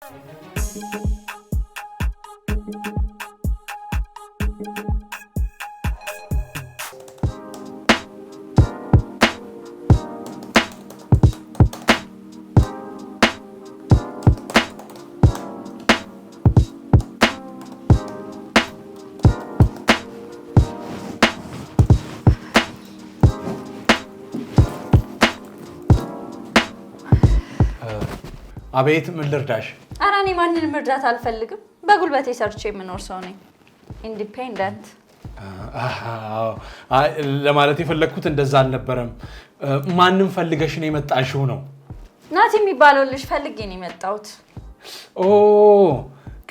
Uh, አቤት ምን ልርዳሽ? ኧረ እኔ ማንንም አልፈልግም። በጉልበቴ ሰርቼ የምኖር ሰው ነኝ። ኢንዲፔንደንት ለማለት የፈለግኩት እንደዛ አልነበረም። ማንም ፈልገሽ ነው የመጣሽው ነው? ናት የሚባለው ልጅ ፈልጌ ነው የመጣሁት። ኦ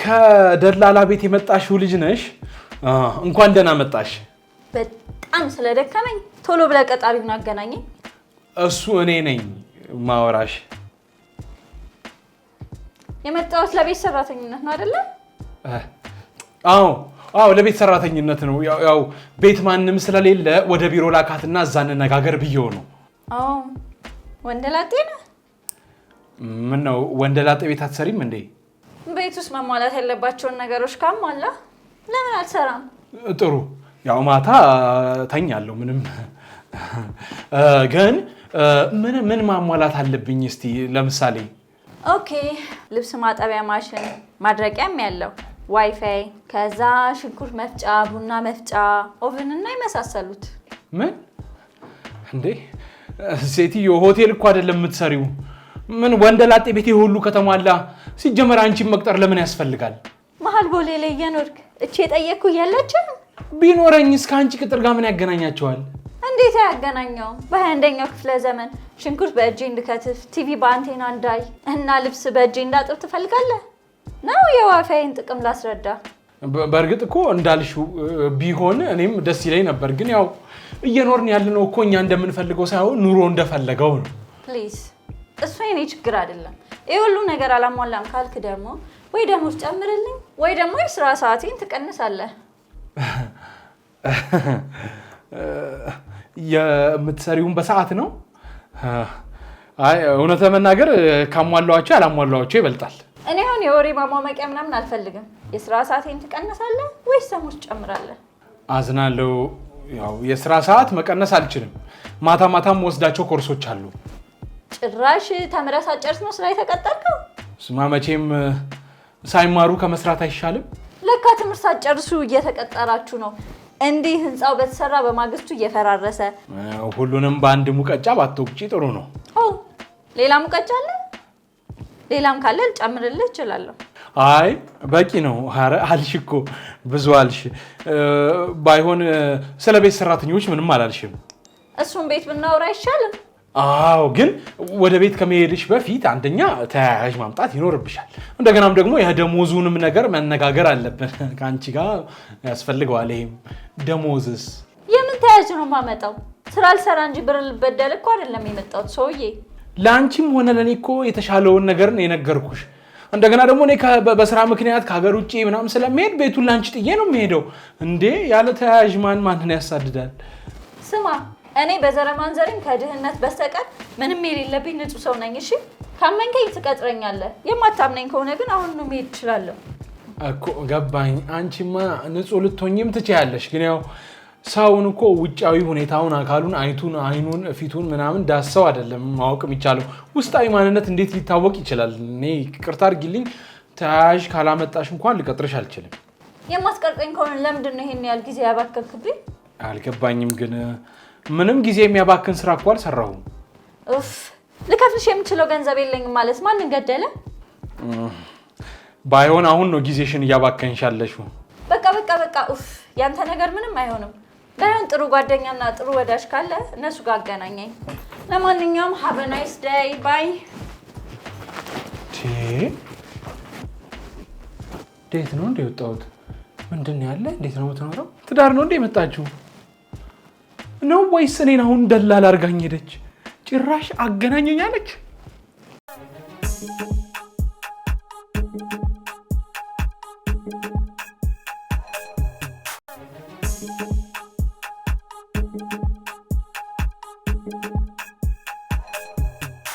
ከደላላ ቤት የመጣሽው ልጅ ነሽ? እንኳን ደህና መጣሽ። በጣም ስለደከመኝ ቶሎ ብለህ ቀጣሪውን አገናኘኝ። እሱ እኔ ነኝ ማወራሽ የመጣሁት ለቤት ሰራተኝነት ነው አይደለ? አዎ አዎ፣ ለቤት ሰራተኝነት ነው። ያው ቤት ማንም ስለሌለ ወደ ቢሮ ላካትና እዛ እንነጋገር ብዬው ነው። አዎ ወንደላጤ ነህ። ምን ነው ወንደላጤ ቤት አትሰሪም እንዴ? ቤት ውስጥ መሟላት ያለባቸውን ነገሮች ካሟላ ለምን አልሰራም? ጥሩ ያው ማታ ተኛለሁ። ምንም ግን ምን ምን ማሟላት አለብኝ? እስቲ ለምሳሌ ኦኬ ልብስ ማጠቢያ ማሽን ማድረቂያም ያለው ዋይፋይ፣ ከዛ ሽንኩርት መፍጫ፣ ቡና መፍጫ፣ ኦቨን እና የመሳሰሉት። ምን እንዴ ሴትዮ ሆቴል እኮ አይደለም የምትሰሪው። ምን ወንደላጤ ቤቴ ሁሉ ከተሟላ። ሲጀመር አንቺን መቅጠር ለምን ያስፈልጋል? መሀል ቦሌ ላይ እየኖርክ እቺ የጠየቅኩ እያለችም ቢኖረኝ እስከ አንቺ ቅጥር ጋር ምን ያገናኛቸዋል? እንዴት አያገናኘውም። በሀያ አንደኛው ክፍለ ዘመን ሽንኩርት በእጄ እንድከትፍ፣ ቲቪ በአንቴና እንዳይ እና ልብስ በእጄ እንዳጥብ ትፈልጋለህ ነው? የዋይፋይን ጥቅም ላስረዳ። በእርግጥ እኮ እንዳልሽ ቢሆን እኔም ደስ ይለኝ ነበር፣ ግን ያው እየኖርን ያለነው እኮ እኛ እንደምንፈልገው ሳይሆን ኑሮ እንደፈለገው ነው። ፕሊዝ እሱ የኔ ችግር አይደለም። ይህ ሁሉ ነገር አላሟላም ካልክ ደግሞ ወይ ደሞዝ ጨምርልኝ ወይ ደግሞ የስራ ሰዓቴን ትቀንሳለህ። የምትሰሪውን በሰዓት ነው እውነት ለመናገር ካሟላኋቸው ያላሟላኋቸው ይበልጣል። እኔ አሁን የወሬ ማሟመቂያ ምናምን አልፈልግም። የስራ ሰዓቴን ትቀንሳለህ ወይስ ደሞዝ ትጨምራለህ? አዝናለሁ። ያው የስራ ሰዓት መቀነስ አልችልም። ማታ ማታም ወስዳቸው ኮርሶች አሉ። ጭራሽ ተምረህ ሳትጨርስ ነው ስራ የተቀጠርከው? ስማ መቼም ሳይማሩ ከመስራት አይሻልም። ለካ ትምህርት ሳጨርሱ እየተቀጠራችሁ ነው። እንዲህ ህንፃው በተሰራ በማግስቱ እየፈራረሰ ሁሉንም በአንድ ሙቀጫ ባትወቅጪ ጥሩ ነው። ሌላ ሙቀጫ አለ? ሌላም ካለ ልጨምርልህ እችላለሁ። አይ በቂ ነው። ኧረ አልሽ እኮ ብዙ አልሽ። ባይሆን ስለ ቤት ሰራተኞች ምንም አላልሽም። እሱን ቤት ብናወራ አይሻልም? አዎ ግን ወደ ቤት ከመሄድሽ በፊት አንደኛ ተያያዥ ማምጣት ይኖርብሻል። እንደገናም ደግሞ የደሞዙንም ነገር መነጋገር አለብን። ከአንቺ ጋር ያስፈልገዋል። ይሄም ደሞዝስ የምን ተያያዥ ነው የማመጣው? ስራ አልሰራ እንጂ ብር ልበደል እኮ አይደለም የመጣሁት ሰውዬ። ለአንቺም ሆነ ለእኔ እኮ የተሻለውን ነገር የነገርኩሽ። እንደገና ደግሞ እኔ በስራ ምክንያት ከሀገር ውጭ ምናምን ስለሚሄድ ቤቱን ለአንቺ ጥዬ ነው የምሄደው። እንዴ ያለ ተያያዥ ማን ማንን ያሳድዳል? ስማ እኔ በዘረማን ማንዘሬም ከድህነት በስተቀር ምንም የሌለብኝ ንጹህ ሰው ነኝ። እሺ ካመንከኝ ትቀጥረኛለህ። የማታምነኝ ከሆነ ግን አሁን ነው መሄድ እችላለሁ እኮ። ገባኝ። አንቺማ ንጹህ ልትሆኝም ትችያለሽ። ግን ያው ሰውን እኮ ውጫዊ ሁኔታውን አካሉን፣ አይቱን፣ አይኑን፣ ፊቱን ምናምን ዳሰው አይደለም ማወቅ የሚቻለው ውስጣዊ ማንነት እንዴት ሊታወቅ ይችላል? እኔ ቅርታ አድርጊልኝ፣ ተያያዥ ካላመጣሽ እንኳን ልቀጥርሽ አልችልም። የማስቀርቀኝ ከሆነ ለምንድን ነው ይሄን ያህል ጊዜ ያባከክብኝ? አልገባኝም ግን ምንም ጊዜ የሚያባክን ስራ እኮ አልሰራሁም። ኡፍ ልከፍልሽ የምችለው ገንዘብ የለኝም ማለት ማንን ገደለ? ባይሆን አሁን ነው ጊዜሽን እያባከንሽ ያለሽው። በቃ በቃ በቃ ኡፍ ያንተ ነገር ምንም አይሆንም። ባይሆን ጥሩ ጓደኛና ጥሩ ወዳጅ ካለ እነሱ ጋር አገናኘኝ። ለማንኛውም ሀቭ ናይስ ባይ። እንዴት ነው እንደ የወጣሁት? ምንድን ነው ያለ? እንዴት ነው የምትኖረው? ትዳር ነው እንደ የመጣችሁ? ነው ወይስ እኔን አሁን ደላል አርጋኝ ሄደች? ጭራሽ አገናኘኛለች።